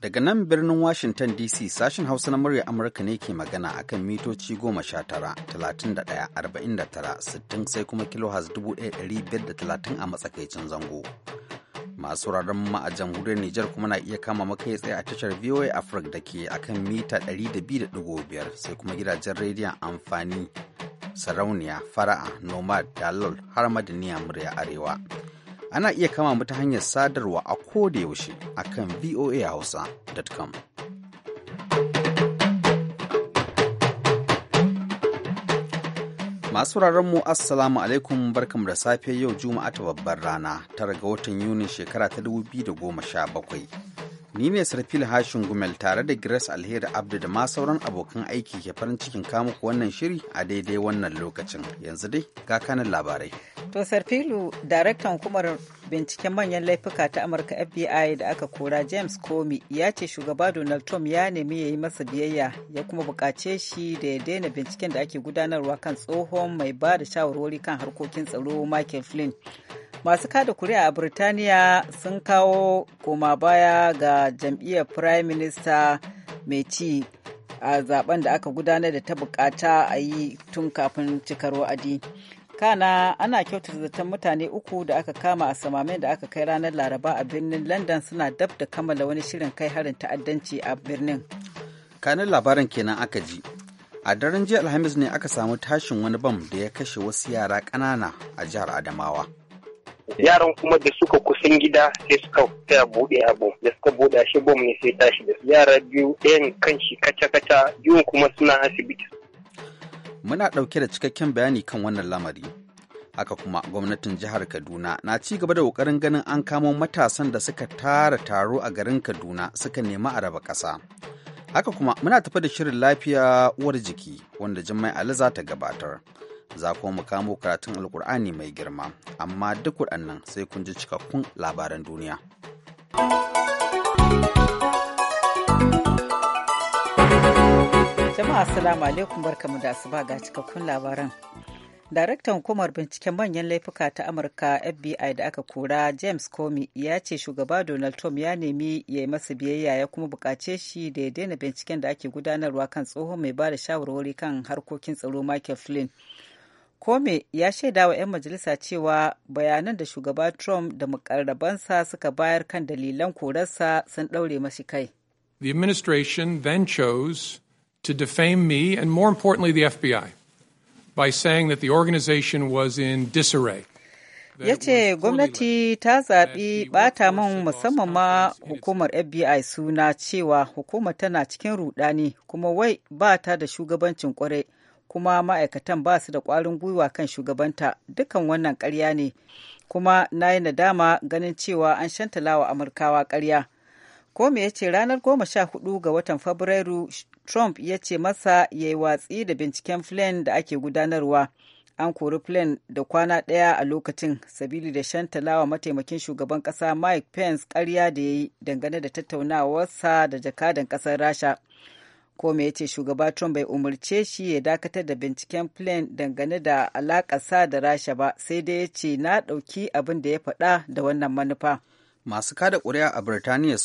Daga nan birnin Washington DC sashen Hausa na murya Amurka ne ke magana a kan mitoci 19-31-49-60 sai kuma kilohaz 1530 a matsakaicin zango. Masu wuraren ma a jamhuriyar Nijar kuma na iya kama makai tsaye a tashar VOA Africa da ke a kan mita 200.5 sai kuma gidajen rediyon amfani sarauniya fara'a nomad dalol har madaniya murya arewa ana iya kama mu ta hanyar sadarwa a yaushe a kan voahausa.com masu mu assalamu alaikum barkamu da safe yau juma'a ta babbar rana tara ga watan Yuni shekara ta 2017 Ni ne Sarfil Hashin Gumel tare da Grace Alheri Abdu da ma sauran abokan aiki ke farin cikin kamu wannan shiri a daidai wannan lokacin. Yanzu dai ga kanin labarai. To Sarfilu, daraktan hukumar binciken manyan laifuka ta Amurka FBI da aka kora James Comey ya ce shugaba Donald Trump ya nemi ya yi masa biyayya ya kuma bukace shi da ya daina binciken da ake gudanarwa kan tsohon mai ba da shawarwari kan harkokin tsaro Michael Flynn. masu kada kuri'a a Birtaniya sun kawo koma baya ga jam'iyyar Prime Minister mai ci a zaben da aka gudanar da ta bukata a yi tun kafin cikar wa'adi. Kana ana kyautata zaton mutane uku da aka kama a samamen da aka kai ranar Laraba a birnin London suna dab da kammala wani shirin kai harin ta'addanci a birnin. Kanin labarin kenan aka ji. A daren jiya Alhamis ne aka samu tashin wani bam da ya kashe wasu yara ƙanana a jihar Adamawa. yaran kuma da suka kusan gida sai suka taya buɗe abu da suka buɗe ashe bom ne sai tashi da yara biyu ɗayan kan shi kaca-kaca biyun kuma suna asibiti. Muna ɗauke da cikakken bayani kan wannan lamari. Haka kuma gwamnatin jihar Kaduna na ci gaba da ƙoƙarin ganin an kamo matasan da suka tara taro a garin Kaduna suka nemi a raba ƙasa. Haka kuma muna tafi da shirin lafiya uwar jiki wanda Jummai Ali za ta gabatar. za kuma mu kamo karatun alkur'ani mai girma amma duk waɗannan sai kun ji cikakkun labaran duniya jama'a assalamu alaikum barkamu da asuba ga cikakkun labaran daraktan hukumar binciken manyan laifuka ta amurka fbi da aka kura james comey ya ce shugaba donald trump ya nemi ya yi masa biyayya ya kuma bukace shi da ya daina binciken da ake gudanarwa kan tsohon mai ba da shawarwari kan harkokin tsaro michael flynn Kome ya shaida wa 'yan majalisa cewa bayanan da shugaba Trump da mukarrabansa suka bayar kan dalilan korarsa sun ɗaure mashi kai. The administration then chose to defame me and more importantly the FBI by saying that the organization was in disarray. ya ce gwamnati ta zaɓi ɓata man musamman ma hukumar fbi suna cewa hukumar tana cikin rudani kuma wai ba ta da shugabancin kwarai kuma ma'aikatan ba su da ƙwarin gwiwa kan shugabanta dukan wannan ƙarya ne kuma na yi nadama ganin cewa an shantalawa amurkawa ƙarya ko me ya ce ranar goma sha hudu ga watan fabrairu trump ya ce masa ya yi watsi da binciken flen da ake gudanarwa an kori flen da kwana ɗaya a lokacin sabili da shantalawa mataimakin shugaban ƙasa mike pence karya da ya yi dangane da tattaunawarsa da jakadan ƙasar rasha koma ya ce shugaba Trump bai umarce shi ya dakatar da binciken plan dangane da alakasa da Rasha ba, sai dai ya ce na ɗauki abin da ya faɗa da wannan manufa. Masu kada ƙuri'a a Birtaniya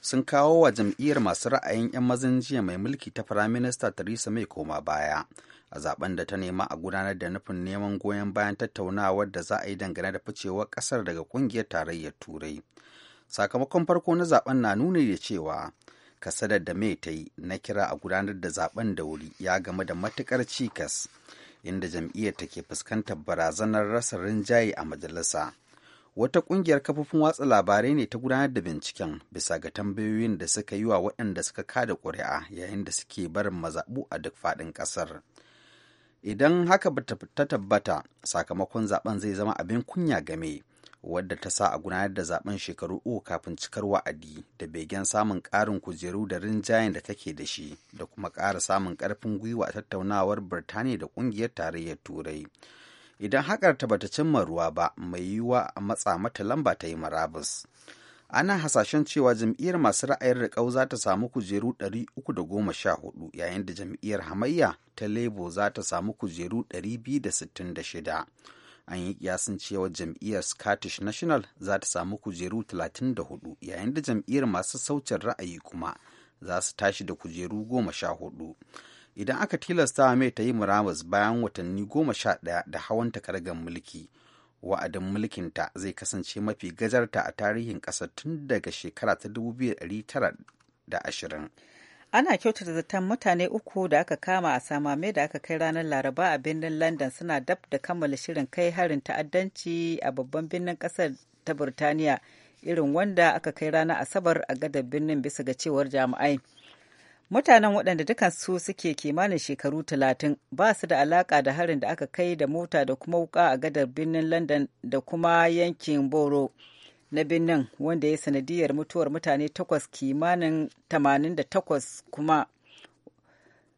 sun kawo wa jam'iyyar masu ra'ayin 'yan mazan jiya mai mulki ta Firaminista Theresa May koma baya. A zaben da ta nema a gudanar da nufin neman goyon bayan tattaunawar da za a yi dangane da ficewar ƙasar daga ƙungiyar tarayyar Turai. Sakamakon farko na zaben na nuni da cewa kasadar da mai ta yi na kira a gudanar da zaben da wuri ya game da matukar cikas inda jam'iyyar ta ke fuskantar barazanar rasa rinjaye a majalisa wata kungiyar kafofin watsa labarai ne ta gudanar da binciken bisa ga tambayoyin da suka yi wa waɗanda suka kada ƙuri'a yayin da suke barin mazaɓu a duk faɗin ƙasar idan haka ta tabbata sakamakon zaben zai zama abin kunya game wadda ta sa a gudanar da zaben shekaru uku kafin cikar wa'adi da begen samun ƙarin kujeru da rinjayen da take da shi da kuma ƙara samun ƙarfin gwiwa a tattaunawar birtaniya da ƙungiyar tarayyar turai idan haƙar ta bata cimma ruwa ba mai yiwuwa a matsa mata lamba ta yi marabus ana hasashen cewa jam'iyyar masu ra'ayin riƙau za ta samu kujeru ɗari goma sha 314 yayin da jam'iyyar hamayya ta lebo za ta samu kujeru ɗari biyu da da sittin shida. an yi kiyasin cewa jam'iyyar scottish national za ta samu kujeru 34 yayin da jam'iyyar masu saucin ra'ayi kuma za su tashi da kujeru 14 idan aka tilasta mai ta yi murabus bayan watanni 11 da hawan takargar mulki wa'adin mulkinta zai kasance mafi gajarta a tarihin ƙasa tun daga shekara ta 2920 ana kyautata zaton mutane uku da aka kama a samame da aka kai ranar laraba a birnin london suna dab da kammala shirin kai harin ta'addanci a babban birnin kasar ta burtaniya irin wanda aka kai ranar asabar a gadar birnin bisa ga cewar jami'ai mutanen waɗanda dukansu suke kimanin shekaru talatin ba su da alaka da harin da aka kai da mota da kuma wuka a gadar birnin london da kuma yankin boro na birnin wanda ya sanadiyar mutuwar mutane takwas kimanin 88 kuma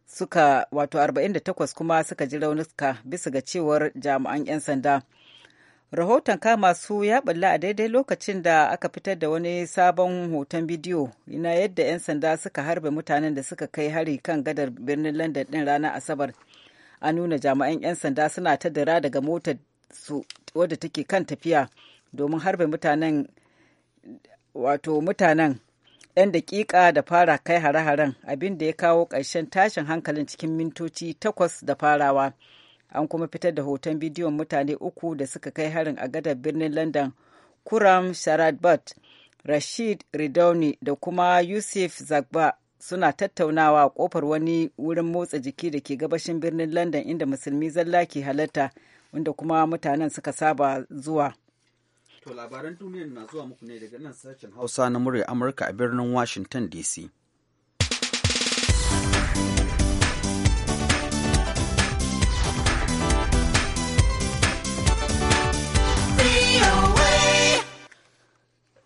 suka wato 48 kuma suka ji raunuka bisa ga cewar jami'an 'yan sanda rahoton kama su ya balla a daidai lokacin da aka fitar da wani sabon hoton bidiyo na yadda 'yan sanda suka harbe mutanen da suka kai hari kan gadar birnin london din ranar asabar a nuna jami'an 'yan sanda suna ta dira daga motar su wadda take kan tafiya domin harbe mutanen wato mutanen 'yan daƙiƙa da fara kai hare-haren abin da ya kawo ƙarshen tashin hankalin cikin mintoci takwas da farawa an kuma fitar da hoton bidiyon mutane uku da suka kai harin a gadar birnin london kuram sharadbat rashid ridauni da kuma yusuf zagba suna tattaunawa a kofar wani wurin motsa jiki da ke gabashin birnin london inda musulmi zalla ke halatta wanda kuma mutanen suka saba zuwa To labaran duniyar na zuwa muku ne daga nan sashen Hausa na murya Amurka a birnin Washington DC.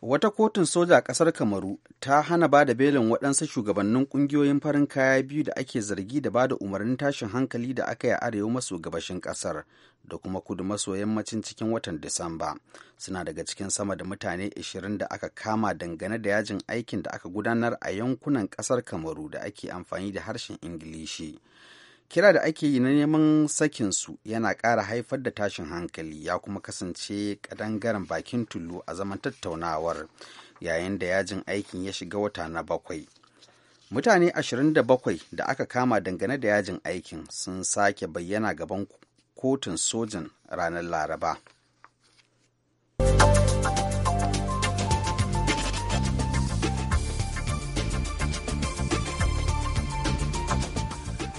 wata kotun soja a ƙasar kamaru ta hana ba da belin waɗansu shugabannin ƙungiyoyin farin kaya biyu da ake zargi da ba da umarnin tashin hankali da aka yi a arewa maso gabashin ƙasar da kuma kudu maso yammacin cikin watan disamba suna daga cikin sama da mutane 20 da aka kama dangane da yajin aikin da aka gudanar a yankunan ƙasar kamaru da ake amfani da harshen ingilishi kira da ake yi na neman sakinsu yana ƙara haifar da tashin hankali ya kuma kasance ƙadangaren bakin tullu a zaman tattaunawar yayin da yajin aikin ya shiga wata na bakwai mutane 27 da aka kama dangane da yajin aikin sun sake bayyana gaban kotun sojin ranar laraba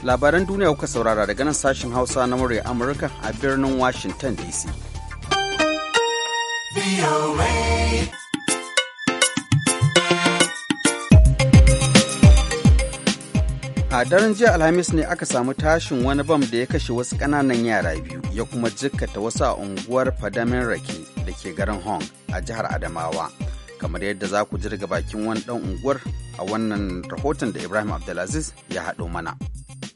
labaran duniya kuka saurara daga nan sashen hausa na murya amurka a birnin washington dc a daren jiya alhamis ne aka samu tashin wani bam da ya kashe wasu ƙananan yara biyu ya kuma jikkata wasu a unguwar fadamin rake da ke garin hong a jihar adamawa kamar yadda za ku jirga bakin wani ɗan unguwar a wannan rahoton da ibrahim abdulaziz ya haɗo mana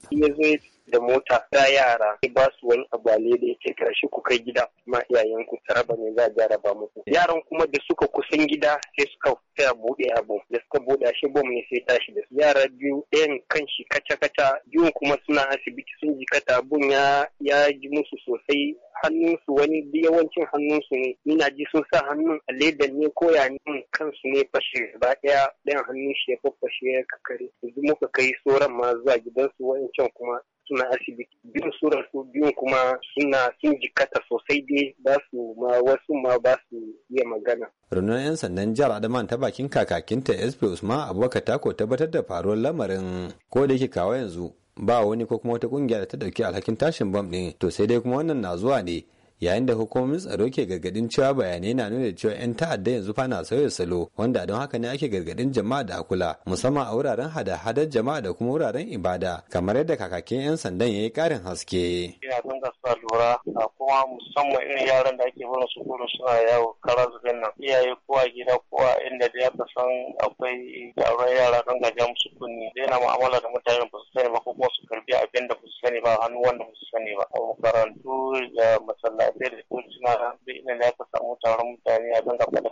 Y es de da mota ta yara ba su wani ne da yake karshe ku kai gida ma iyayen ku taraba ne za a jaraba muku yaran kuma da suka kusan gida sai suka fita bude abu da suka bude shi bom ne sai tashi da su yara biyu ɗayan kan shi kaca kaca biyun kuma suna asibiti sun kata abun ya ya ji musu sosai hannunsu wani yawancin hannunsu ne ina ji sun sa hannun a ledan ne ko ya ne kansu ne fashe ba ɗaya ɗayan hannun shi ya faffashe ya kakare yanzu muka kai tsoron ma zuwa gidansu wa'ancan kuma suna asibiti biyun sura su biyun kuma suna sun jikata sosai dai ba su ma wasu ma ba su iya magana. rundunar 'yan sandan jihar adama ta bakin kakakinta sp usman abubakar tako tabbatar da faruwar lamarin ko da yake kawo yanzu ba wani ko kuma wata kungiya da ta dauki alhakin tashin bam ɗin, to sai dai kuma wannan na zuwa ne yayin da hukumomin tsaro ke gargadin cewa bayanai na nuna cewa 'yan ta'adda yanzu fa na sauya salo wanda don haka ne ake gargadin jama'a da akula musamman a wuraren hada-hadar jama'a da kuma wuraren ibada kamar yadda kakakin 'yan sandan ya yi karin haske. Ina dinga sa lura a kuma musamman irin yaran da ake barin su kuma suna yawo karar zubin nan iyaye ko a gida ko a inda da ta san akwai yaran yara don gaja musu kunni yana ma'amala da mutane ba su sani ba ko kuma su karbi abin da ba su sani ba hannu wanda ba su sani ba a makarantu da masallaci sai da kuma suna duk inda za samu taron mutane a don gaba da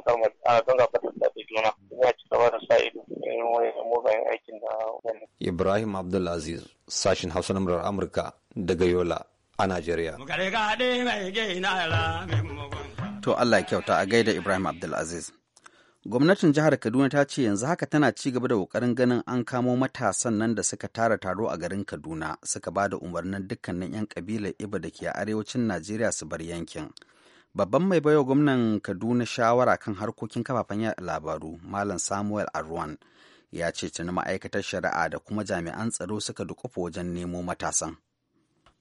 a don gaba da juna za ci gaba da sa ido irin wani mugayen aikin da wani. Ibrahim Abdulaziz sashin Hausa na murar Amurka daga Yola a Najeriya. To Allah ya kyauta a gaida Ibrahim Abdulaziz. gwamnatin jihar kaduna ta ce yanzu haka tana ci gaba da kokarin ganin an kamo matasan nan da suka tara taro a garin kaduna suka ba da umarnin dukkanin 'yan kabilar iba da ke arewacin najeriya su bar yankin babban mai baiwa gwamnan kaduna shawara kan harkokin kafafen yada labaru malam samuel arwan ya ce tuni ma'aikatar shari'a da kuma jami'an tsaro suka dukufa wajen nemo matasan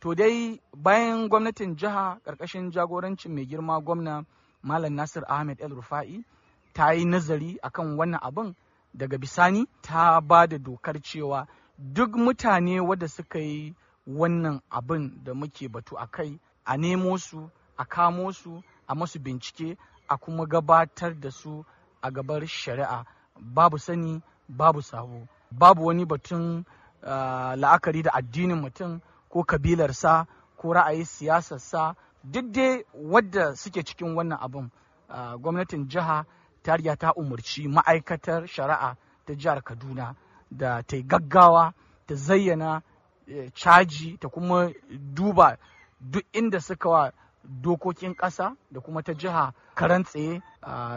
to dai bayan gwamnatin jiha ƙarƙashin jagorancin mai girma gwamna malam nasir ahmed el rufa'i ta yi nazari akan wannan abin daga bisani ta ba da dokar cewa duk mutane wadda suka yi wannan abin da muke batu a kai a nemo su a kamo su a masu bincike a kuma gabatar da su a gabar shari'a babu sani babu sabo babu wani batun uh, la'akari da addinin mutum ko kabilarsa ko ra'ayi siyasarsa duk dai wadda suke cikin wannan abin uh, gwamnatin jiha tariya ta umarci ma'aikatar shari'a ta jihar kaduna da ta yi gaggawa ta zayyana eh, caji ta kuma duba duk inda suka wa dokokin ƙasa da kuma ta jiha karan tsaye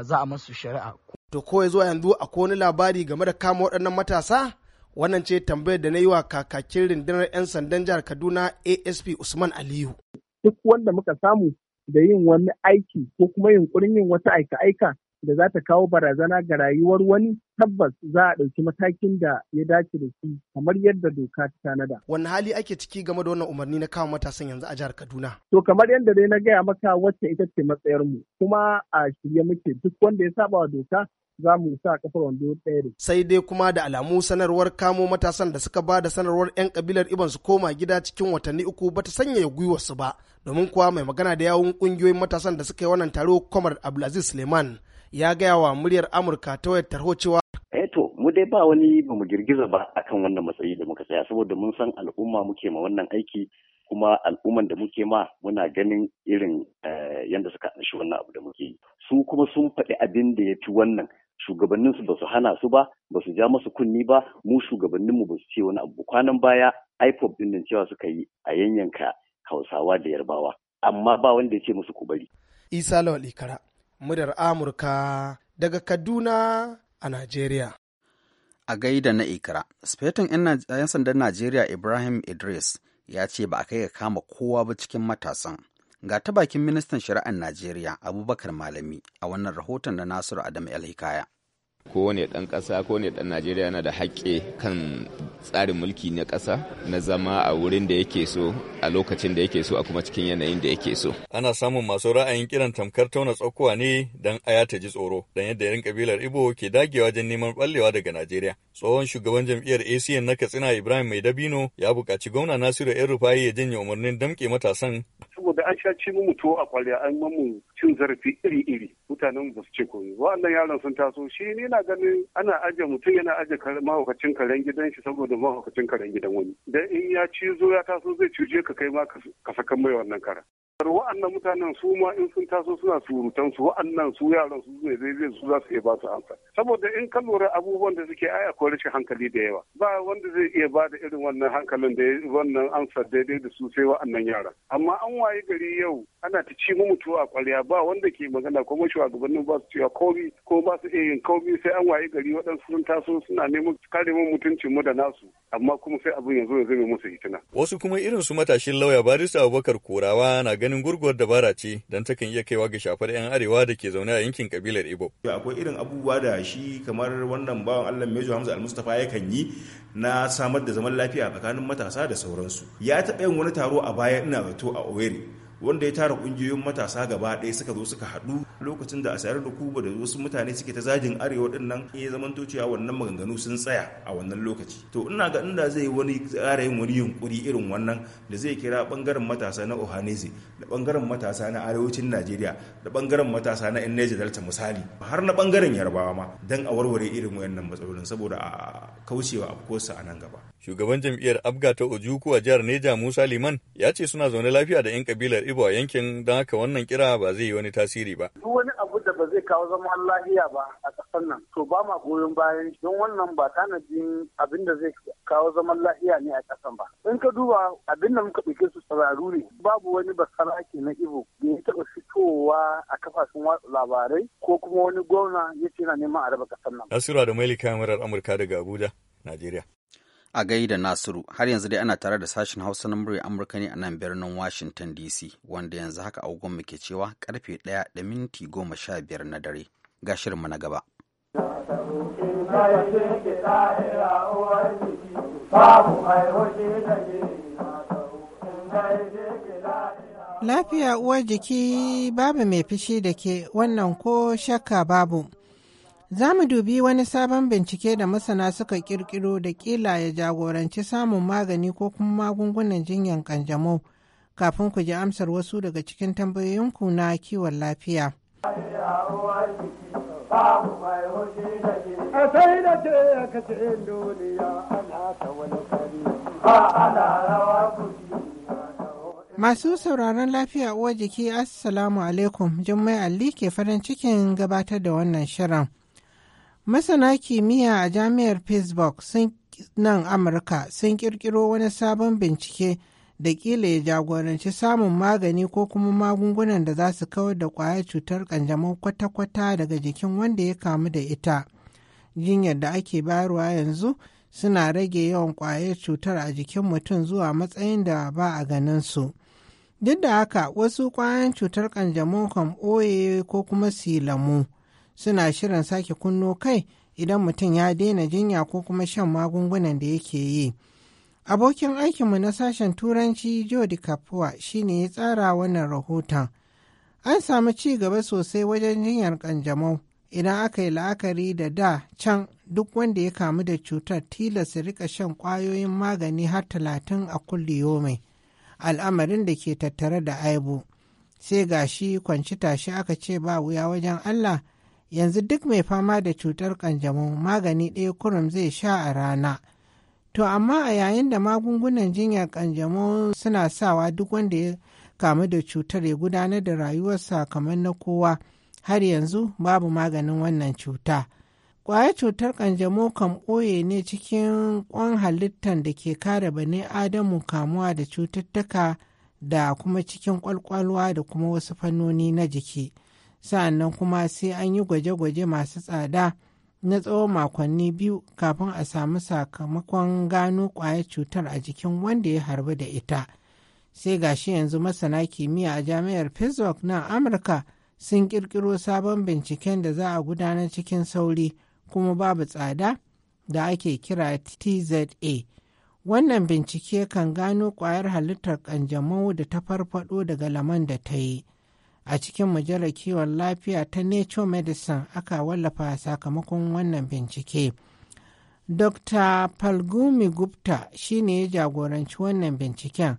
za a masu shari'a. To ko zuwa yanzu a wani labari game da kama waɗannan matasa? Wannan ce tambayar da na yi wa kakakin rundunar 'yan sandan jihar Kaduna ASP Usman Aliyu. Duk wanda muka samu da yin wani aiki ko kuma yunkurin yin wata aika-aika da za ta kawo barazana ga rayuwar wani tabbas za a ɗauki matakin da ya dace da shi kamar yadda doka ta tanada. Wani hali ake ciki game da wannan umarni na kawo matasan yanzu a jihar Kaduna? To kamar yadda dai na gaya maka wacce ita ce matsayarmu kuma a shirye muke duk wanda ya saba wa doka za mu sa kafar wando ɗaya Sai dai kuma da alamu sanarwar kamo matasan da suka ba da sanarwar 'yan kabilar Iban su koma gida cikin watanni uku bata sanyaya gwiwarsu ba. Domin kuwa mai magana da yawun ƙungiyoyin matasan da suka yi wannan taro Kwamar Abdulaziz Suleiman ya gaya wa muryar Amurka ta wayar tarho cewa eto eh mu dai ba wani ba mu girgiza ba akan wannan matsayi da muka tsaya saboda mun san al'umma muke ma wannan aiki kuma al'umman da muke ma muna ganin irin eh, yadda suka anshi wannan abu da muke yi su kuma sun faɗi abin da ya fi wannan shugabannin su ba su hana su ba ba su ja masu kunni ba mu shugabannin mu ba su ce wani abu kwanan baya ipop din nan cewa suka yi a yanyanka hausawa da yarbawa amma ba wanda ya ce musu ku bari isa lawal ikara muryar Amurka daga Kaduna a Najeriya. A gaida na Ikra, Spetin 'yan sandan Najeriya Ibrahim Idris ya ce ba a kai ga kama kowa ba cikin matasan. Ga ta bakin ministan shari'ar Najeriya Abubakar Malami a wannan rahoton da Nasiru Adam El Hikaya. kowane ɗan ƙasa kowane ɗan najeriya yana da haƙƙi kan tsarin mulki na ƙasa na zama a wurin da yake so a lokacin da yake so a kuma cikin yanayin da yake so ana samun masu ra'ayin kiran tamkar tauna tsakuwa ne don aya ta ji tsoro don yadda yan kabilar ibo ke dagewa wajen neman ɓallewa daga najeriya tsohon shugaban jam'iyyar acn na katsina ibrahim mai dabino ya buƙaci gwamna nasiru yan rufayi ya janye umarnin damƙe matasan saboda an sha ci mu a kwarya an mamu cin zarafi iri-iri mutanen ba su ce komai wannan yaron sun taso shi ne na ganin ana aje mutum yana ajiye mahaukacin karen gidan shi saboda mahaukacin karen gidan wani dan in ya cizo ya taso zai cije ka kai ma ka saka mai wannan kara wa'annan mutanen su ma in sun taso suna surutan su wa'annan su yaran su ne zai zai su za su iya ba su amsa saboda in ka lura abubuwan da suke ai akwai rashin hankali da yawa ba wanda zai iya ba da irin wannan hankalin da wannan amsa daidai da su sai wa'annan yaran amma an waye gari yau ana ta ci mutuwa a kwarya ba wanda ke magana kuma gabanin ba su cewa komi ko ba su iya yin komi sai an waye gari waɗansu sun taso suna neman kare mu mutuncin mu da nasu amma kuma sai abin yanzu ya zame musu hitina wasu kuma irin su matashin lauya barista Abubakar Korawa na ganin gurguwar dabara ce don takan iya kaiwa ga shafar 'yan arewa da ke zaune a yankin kabilar Ibo. Akwai irin abubuwa da shi kamar wannan bawan Allah Mejo Hamza al ya yakan yi na samar da zaman lafiya tsakanin matasa da sauransu. Ya taɓa yin wani taro a baya ina zato a Owerri wanda ya tara ƙungiyoyin matasa gaba ɗaya suka zo suka haɗu lokacin da a sayar da kuba da wasu mutane suke ta zagin arewa din nan ya to cewa wannan maganganu sun tsaya a wannan lokaci to ina ga inda zai wani tsara yin wani yunkuri irin wannan da zai kira bangaren matasa na ohanese da bangaren matasa na arewacin najeriya da bangaren matasa na yan neja delta misali har na bangaren yarbawa ma dan a warware irin wayannan matsalolin saboda a kaucewa afkosa a nan gaba shugaban jam'iyyar abga ta ojuku a jihar neja musa liman ya ce suna zaune lafiya da yan kabilar ibo a yankin don haka wannan kira ba zai yi wani tasiri ba ba zai kawo zaman lahiya ba a ƙasar nan to ba ma goyon bayan don wannan ba tanadin abin da zai kawo zaman lahiya ne a ƙasan ba in ka duba abin da muka ɗauke su tsararru ne babu wani basarake na ibo da ya taɓa fitowa a kafafen watsa labarai ko kuma wani gwamna ya ce na neman a raba ƙasar nan. Nasiru da Maili kamarar Amurka daga Abuja, Najeriya. a gaida Nasiru har yanzu dai ana tare da sashen Hausa na murya Amurka ne a nan birnin Washington DC wanda yanzu haka agogon mu ke cewa karfe 1 da minti 15 na dare ga shirinmu na gaba. Lafiya uwar jiki babu mai fishi da ke wannan ko shakka babu. Za mu dubi wani sabon bincike da masana suka kirkiro da kila ya jagoranci samun magani ko kuma magungunan jinyar kanjamau kafin ku ji amsar wasu daga cikin tambayoyinku na kiwon lafiya. Masu sauraron lafiya uwa jiki Assalamu alaikum Jummai Ali ke farin cikin gabatar da wannan shirin. Masana kimiyya a jami'ar Pittsburgh sun nan Amurka sun kirkiro wani sabon bincike da kila ya jagoranci samun magani ko kuma magungunan da za su kawar da ƙwayar cutar ƙanjamau kwata-kwata daga jikin wanda ya kamu da ita. Jinyar da ake bayarwa yanzu suna rage yawan ƙwayar cutar a jikin mutum zuwa matsayin da ba a ganin su. Duk da haka wasu kwayan cutar ƙanjamau kan ɓoye ko kuma silamu. suna shirin sake kunno kai idan mutum ya daina jinya ko kuma shan magungunan da yake yi. Abokin aikinmu na sashen Turanci Jodi Kapuwa shi ne ya tsara wannan rahoton. An samu ci gaba sosai wajen jinyar ƙanjamau idan aka yi la'akari da da can duk wanda ya kamu da cutar su rika shan ƙwayoyin magani har talatin a mai al'amarin da ke tattare da aibu. Sai ga gashi kwanci tashi aka ce ba wuya wajen Allah yanzu duk mai fama da cutar kanjamo magani ɗaya kurum zai sha a rana. To amma a yayin da magungunan jinyar kanjamo suna sawa duk wanda ya kamu da cutar ya gudanar da rayuwarsa kamar na kowa har yanzu babu maganin wannan cuta. Kwaya cutar kanjamo kan ɓoye ne cikin ƙwan halittar da ke kare bane Adamu kamuwa da cututtuka da kuma cikin ƙwalƙwalwa da kuma wasu fannoni na jiki. sa'annan kuma sai an yi gwaje-gwaje masu tsada na tsawon makonni biyu kafin a samu sakamakon gano kwayar cutar a jikin wanda ya harbi da ita sai gashi yanzu masana kimiyya a jami'ar pittsburgh na amurka sun ƙirƙiro sabon binciken da za a gudanar cikin sauri kuma babu tsada da ake kira tza wannan bincike kan gano kwayar halittar kanjamau da ta farfado daga laman da ta yi a cikin mujallar kiwon lafiya ta nature medicine aka wallafa sakamakon wannan bincike dr palgumi gupta shine ya jagoranci wannan binciken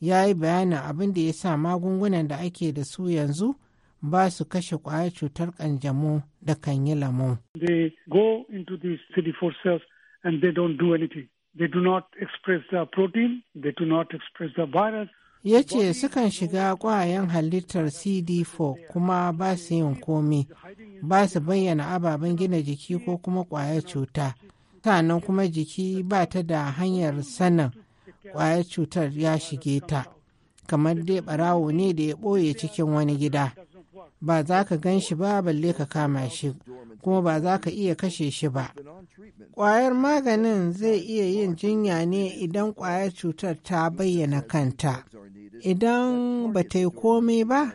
ya yi bayanin abin da ya sa magungunan da ake da su yanzu ba su kashe kwayar cutar kanjamau da kan yi lamu. They go into these CD4 cells and they don't do anything. They do not express the protein, they do not express the virus, ya ce sukan shiga ƙwayan halittar cd4 kuma ba su yin komi ba su bayyana ababen gina jiki ko kuma ƙwayar cuta sannan kuma jiki ba ta da hanyar sanin ƙwayar cutar ya shige ta kamar dai ɓarawo ne da ya ɓoye cikin wani gida ba za ka gan shi ba balle ka kama shi kuma ba za ka iya kashe shi ba Kwayar maganin zai iya yin jinya ne idan ƙwayar cutar ta bayyana kanta. Idan ba ta yi komai ba,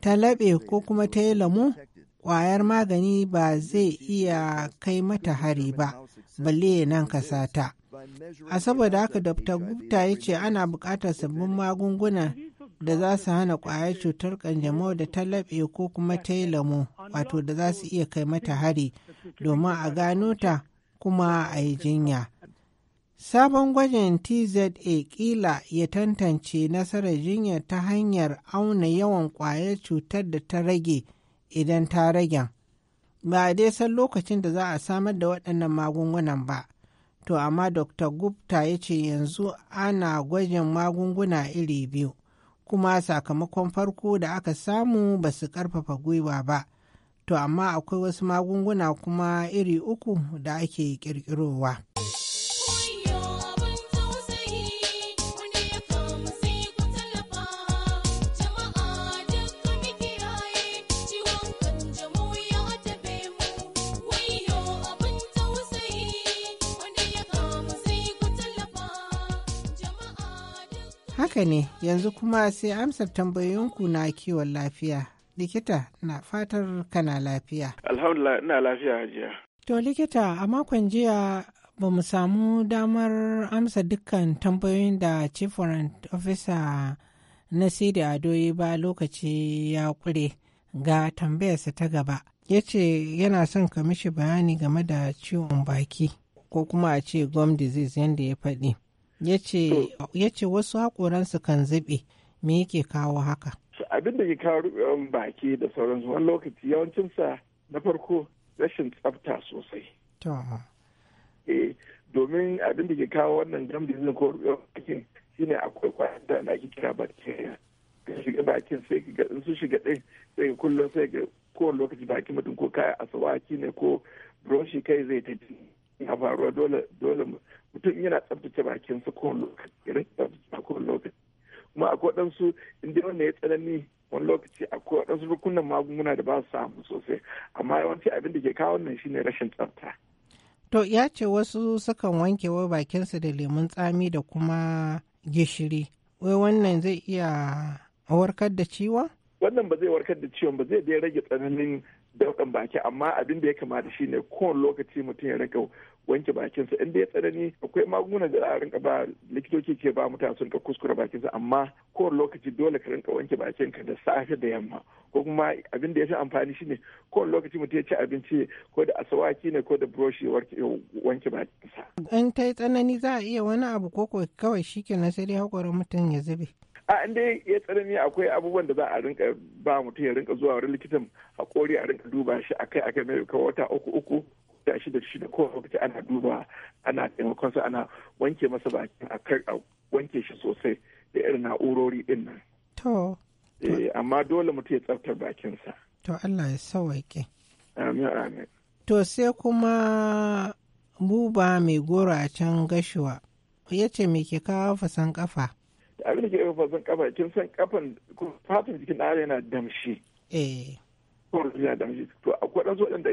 ta laɓe ko kuma ta yi lamu, ƙwayar magani ba zai iya kai mata hari ba, balle nan kasata. A saboda haka Dr. Gupta ya ce ana buƙatar sabbin magunguna da za su hana ƙwayar cutar kanjamau da ta laɓe ko kuma ta yi lamu, wato da za su iya kai mata hari, domin a gano ta kuma a yi jinya. Sabon gwajin TZA kila ya tantance nasarar jinya ta hanyar auna yawan ƙwayar cutar da ta rage idan ta ragen. Ba a dai san lokacin da za a samar da waɗannan magungunan ba. To amma Dr. Gupta ya ce yanzu ana gwajin magunguna iri biyu, kuma sakamakon farko da aka samu ba su ƙarfafa gwiwa ba. to amma akwai wasu magunguna kuma iri uku da ake kirkirowa. Haka ne, yanzu kuma sai amsar tambayoyinku na kiwon lafiya Likita na fatar kana lafiya. Alhamdulillah ina lafiya hajiya. To likita a makon jiya ba mu samu damar amsa dukkan tambayoyin da Chief Warrant Officer Nasiri Ado yi ba lokaci ya kure ga tambayarsa ta gaba. Ya ce yana son ka mishi bayani game da ciwon baki ko kuma a ce gum disease yadda ya faɗi. Ya ce wasu haƙoransu kan zube me yake kawo haka? abin da ke kawo rubewan baki da sauransu wani lokaci yawancinsa na farko rashin tsafta sosai eh, domin abin da ke kawo wannan jam zai ko rubewan bakin shine akwai kwayar da ake kira bacteria ga shiga bakin sai ga in su shiga ɗin sai kullum sai ga kowane lokaci bakin mutum ko kaya a asawaki ne ko broshi kai zai ta ya faruwa dole mutum yana tsabtace bakinsa kowane lokaci kowane lokaci kuma akwai waɗansu inda wanda ya tsanani wani lokaci akwai waɗansu rukunan magunguna da ba su samu sosai amma yawanci abin da ke kawo wannan shine rashin tsafta. To ya ce wasu sukan wanke wa bakinsu da lemun tsami da kuma gishiri. Wai wannan zai iya warkar da ciwon? Wannan ba zai warkar da ciwon ba zai dai rage tsananin daukan baki amma abin da ya kamata shine kowane lokaci mutum ya rinka wanke bakinsa in da ya tsanani akwai magunguna da za a rinka ba likitoci ke ba mutane sun ka kuskure bakinsa amma kowane lokaci dole ka rinka wanke bakinka da safe da yamma ko kuma abin da ya fi amfani shine kowane lokaci mutum ya ci abinci ko da asawaki ne ko da buroshi wanke bakinsa. in ta yi tsanani za a iya wani abu ko kawai shi na sai dai mutum ya zube. a inda ya tsanani akwai abubuwan da za a rinka ba mutum ya rinka zuwa wurin likitan hakori a rinka duba shi akai akai mai kawo wata uku uku da shi da shi da kowa lokaci ana duba ana taimakon sa ana wanke masa bakin a wanke shi sosai da irin na'urori din nan. To. Eh, amma dole mutum ya tsaftar bakinsa. To Allah ya sawaike. Amin amin. To sai kuma buba mai goro a can gashuwa. Ya ce me ke kawo fasan kafa? abin da ke ɗaga fasan kafa kin san kafan fatan jikin ɗan yana damshi eh. kawai yana damshi to akwai ɗan da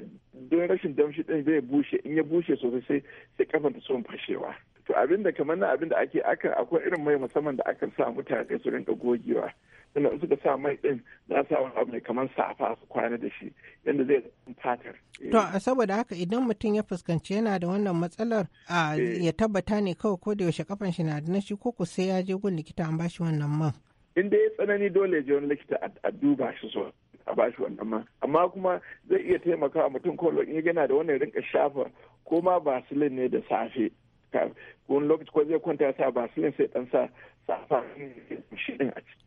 don rashin damshi ɗin zai bushe in ya bushe sosai sai sai kafan ta son fashewa to abin da kamar na abin da ake akan akwai irin mai musamman da akan sa mutane su rinka gogewa sannan suka sa mai din za su wani abu ne kamar safa su kwana da shi yadda zai fatar. Eh. To a saboda haka idan mutum ya fuskanci yana da wannan matsalar eh. ya tabbata ne kawai ko da yaushe kafan shi na da shi ko ku sai ya je gun likita an bashi wannan man. In dai ya tsanani dole ya je wani likita a duba shi so a bashi wannan man amma kuma zai iya taimakawa mutum ko in yana da wannan rinka shafa ko ma basilin ne da safe wani lokaci ko zai kwanta sa basilin sai dan sa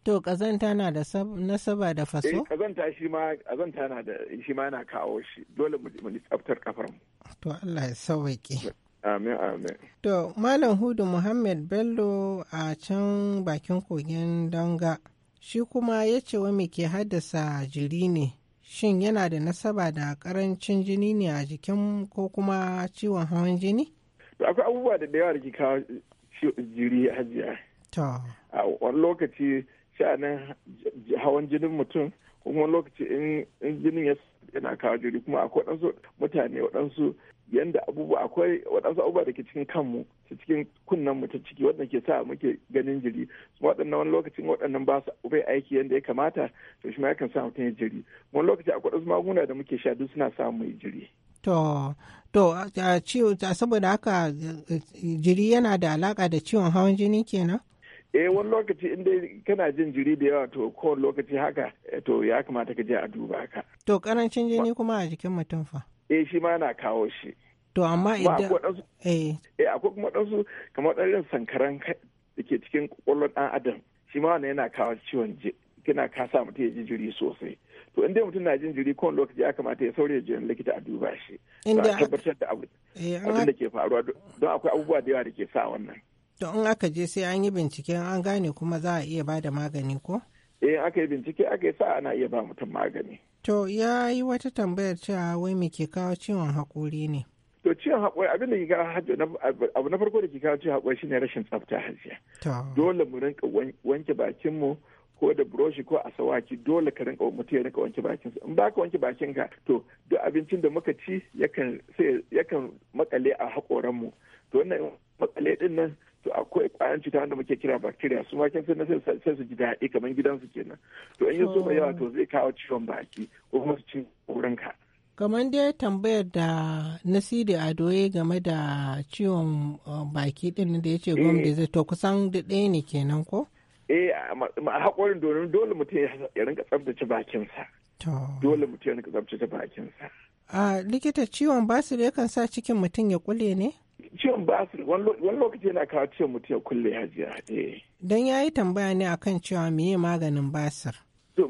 To kazanta na da nasaba da faso? Eh kazanta shi ma kazanta na da shi ma yana kawo shi dole mu mu tsaftar kafar mu. To Allah ya sauke. Amin amin. To Malam Hudu Muhammad Bello a can bakin kogin Danga shi kuma ya ce wa me ke haddasa jiri ne shin yana da nasaba da karancin jini ne a jikin ko kuma ciwon hawan jini? To akwai abubuwa da yawa da ke kawo jiri hajiya. a wani lokaci sha'anin hawan jinin mutum kuma wani lokaci in jinin ya yana kawo jiri kuma akwai waɗansu mutane waɗansu yanda abubuwa akwai waɗansu abubuwa da ke cikin kanmu ta cikin kunnen mu ta ciki waɗanda ke sa muke ganin jiri kuma waɗannan wani lokacin waɗannan ba su bai aiki yanda ya kamata to shi ma yakan sa mutum ya jiri wani lokaci akwai waɗansu magunguna da muke sha duk suna sa mu jiri. To, to, saboda haka jiri yana da alaƙa da ciwon hawan jini kenan? eh wani lokaci in dai kana jin jiri da yawa to kowane lokaci haka eh, to ya kamata ka je a duba ka to karancin jini kuma a jikin mutum fa eh shi ma na kawo shi to amma idan eh. eh akwai kuma ɗansu kamar ɗan sankaran da ke cikin kwakwalwar ɗan adam shi ma wannan yana kawo ciwon kina ka sa mutum ya ji jiri sosai to in dai mutum na jin jiri kowane lokaci ya kamata ya sauraya jiran likita a duba shi a tabbatar da eh, abin da ke faruwa don akwai abubuwa da yawa da ke sa wannan To in aka je sai an yi bincike an gane kuma za a iya ba da magani ko? Eh aka yi bincike aka yi sa ana iya ba mutum magani. To ya yi wata tambayar cewa wai me ke kawo ciwon haƙori ne? To ciwon haƙori abin da ke kawo abu na farko da ke kawo ciwon haƙori shine rashin tsafta hajiya. Dole mu rinka wanke bakinmu ko da buroshi ko a sawaki dole ka rinka mutum ya rinka wanke bakin in ba ka wanke bakin ka to duk abincin da muka ci yakan makale a haƙoranmu to wannan makale din nan to akwai kwayan cuta wanda muke kira bacteria su ma kin san sai su ji daɗi kamar gidansu kenan to in ya so yawa to zai kawo ciwon baki ko kuma su ci wurin ka kamar dai tambayar da nasiri doye game da ciwon uh, baki din da ya ce gwamnati eh. zai to kusan da ɗaya ne kenan ko eh a haƙorin domin dole mutum ya rinka tsabtace bakinsa dole mutum ya rinka tsabtace bakinsa a likita ciwon basir yakan sa cikin mutum ya kule ne ciwon basir wani lokaci yana kawo ciwon mutum ya kulle hajiya eh. don ya yi tambaya ne akan cewa meye maganin basir to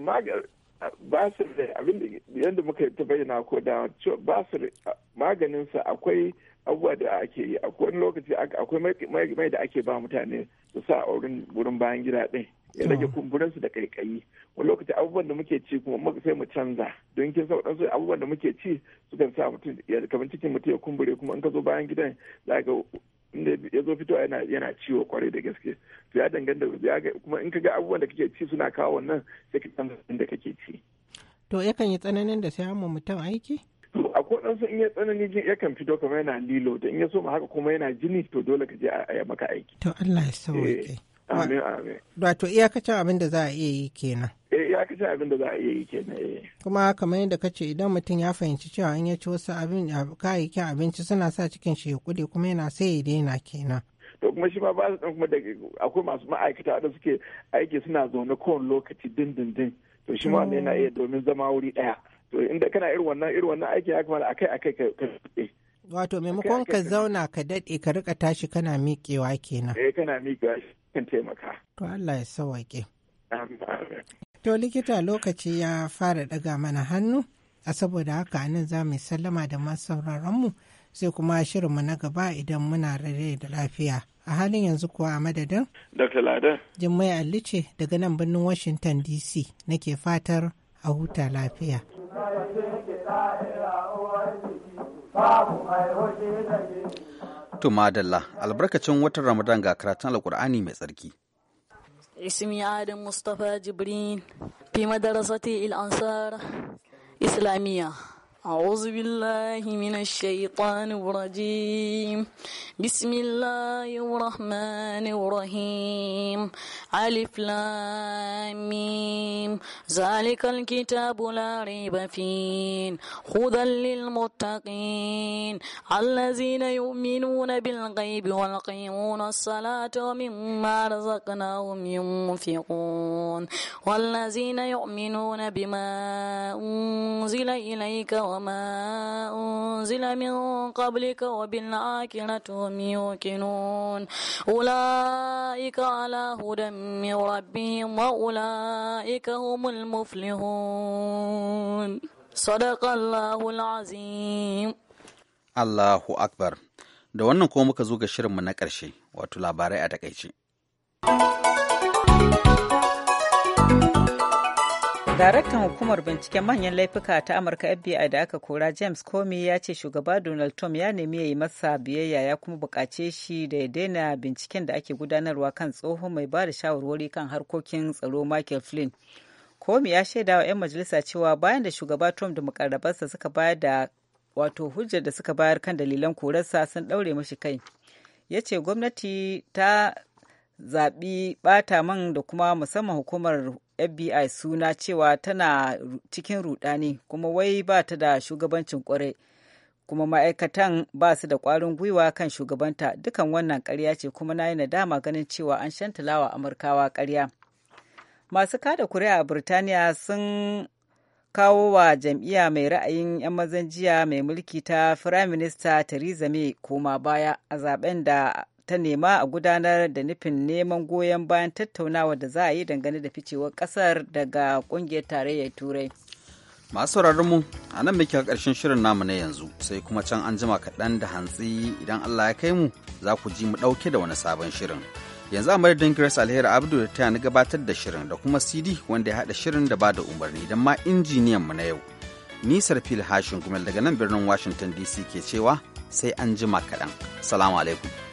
basir da abinda yadda muka ta bayyana ko da basir maganinsa akwai abubuwa da ake yi a wani lokaci akwai mai da ake ba mutane su sa a wurin bayan gida ɗin ya rage kumburin su da kaikayi wani lokaci abubuwan da muke ci kuma sai mu canza don kin sau ɗansu abubuwan da muke ci sukan sa mutum ya kamar cikin mutum ya kumbure kuma in ka zo bayan gidan za ga inda ya zo fitowa yana yana ciwo kwarai da gaske to ya danganta kuma in ka ga abubuwan da kake ci suna kawo wannan sai ka canza inda kake ci to yakan yi tsananin da sai mu mutum aiki waɗansu in ya tsanani jin yakan fito kamar yana lilo da in ya so haka kuma yana jini to dole ka je a maka aiki. To Allah ya eh, sauke. Amin amin. Wato iyakacin abin da za a iya yi kenan. Eh iyakacin abin da za a iya yi kenan eh. Kuma kamar yadda ka ce idan mutum ya fahimci cewa in ya ci wasu abin kayayyakin abinci suna sa cikin shi ya kuɗe kuma yana sai ya daina kenan. to kuma shi ma ba su kuma da akwai masu ma'aikata da suke aiki suna zaune kowane lokaci dindindin to shi ma yana mm. iya domin zama wuri ɗaya. to inda kana irin wannan irin wannan aiki ya kamata akai akai ka wato maimakon ka zauna ka daɗe ka rika tashi kana miƙewa kenan eh kana miƙewa kan taimaka to Allah ya sauke to likita lokaci ya fara daga mana hannu a saboda haka nan za mu sallama da masu mu sai kuma shirinmu na gaba idan muna rare da lafiya a halin yanzu kuwa a madadin dr lada jimmai allice daga nan birnin washington dc nake fatar a huta lafiya To madalla albarkacin watan Ramadan ga karatun Alƙur'ani mai tsarki. Ismi Adam Mustapha Jibrin, fi madarasati il-Ansar Islamiyya. أعوذ بالله من الشيطان الرجيم بسم الله الرحمن الرحيم ألف لام ذلك الكتاب لا ريب فيه هدى للمتقين الذين يؤمنون بالغيب ويقيمون الصلاة ومما رزقناهم ينفقون والذين يؤمنون بما أنزل إليك وما وما أنزل من قبلك وبالآخرة هم يوقنون أولئك على هدى من ربهم وأولئك هم المفلحون صدق الله العظيم الله أكبر da wannan kuma muka zo ga shirinmu na ƙarshe wato labarai a takaice. Daraktan hukumar binciken manyan laifuka ta Amurka FBI da aka kora James Comey ya ce shugaba Donald Trump ya nemi ya yi masa biyayya ya kuma bukace shi da ya daina binciken da ake gudanarwa kan tsohon mai ba da shawarwari kan harkokin tsaro Michael Flynn. Comey ya shaida wa 'yan majalisa cewa bayan da shugaba Trump da mukarrabarsa suka bayar da wato hujjar da suka bayar kan dalilan korarsa sun daure mashi kai. Ya ce gwamnati ta zaɓi ɓata man da kuma musamman hukumar fbi suna cewa tana cikin rudani kuma wai ba ta da shugabancin kwarai kuma ma'aikatan ba su da ƙwarin gwiwa kan shugabanta dukan wannan karya ce kuma na yi nadama ganin cewa an shantalawa amurkawa karya. masu kada kuri'a a birtaniya sun kawo wa jam'iyya mai ra'ayin 'yan mazan jiya mai mulki ta firaminista theresa may koma baya a zaben da ta nema a gudanar da nufin neman goyon bayan tattaunawa da za a yi dangane da ficewar kasar daga kungiyar tarayyar turai masu mu a nan muke karshen shirin namu na yanzu sai kuma can an jima kaɗan da hantsi idan allah ya kai mu za ku ji mu ɗauke da wani sabon shirin yanzu a madadin grace alheri abdu da ta na gabatar da shirin da kuma cd wanda ya haɗa shirin da ba da umarni don ma injiniyan mu na yau nisar fil hashin kuma daga nan birnin washington dc ke cewa sai an jima kaɗan salamu alaikum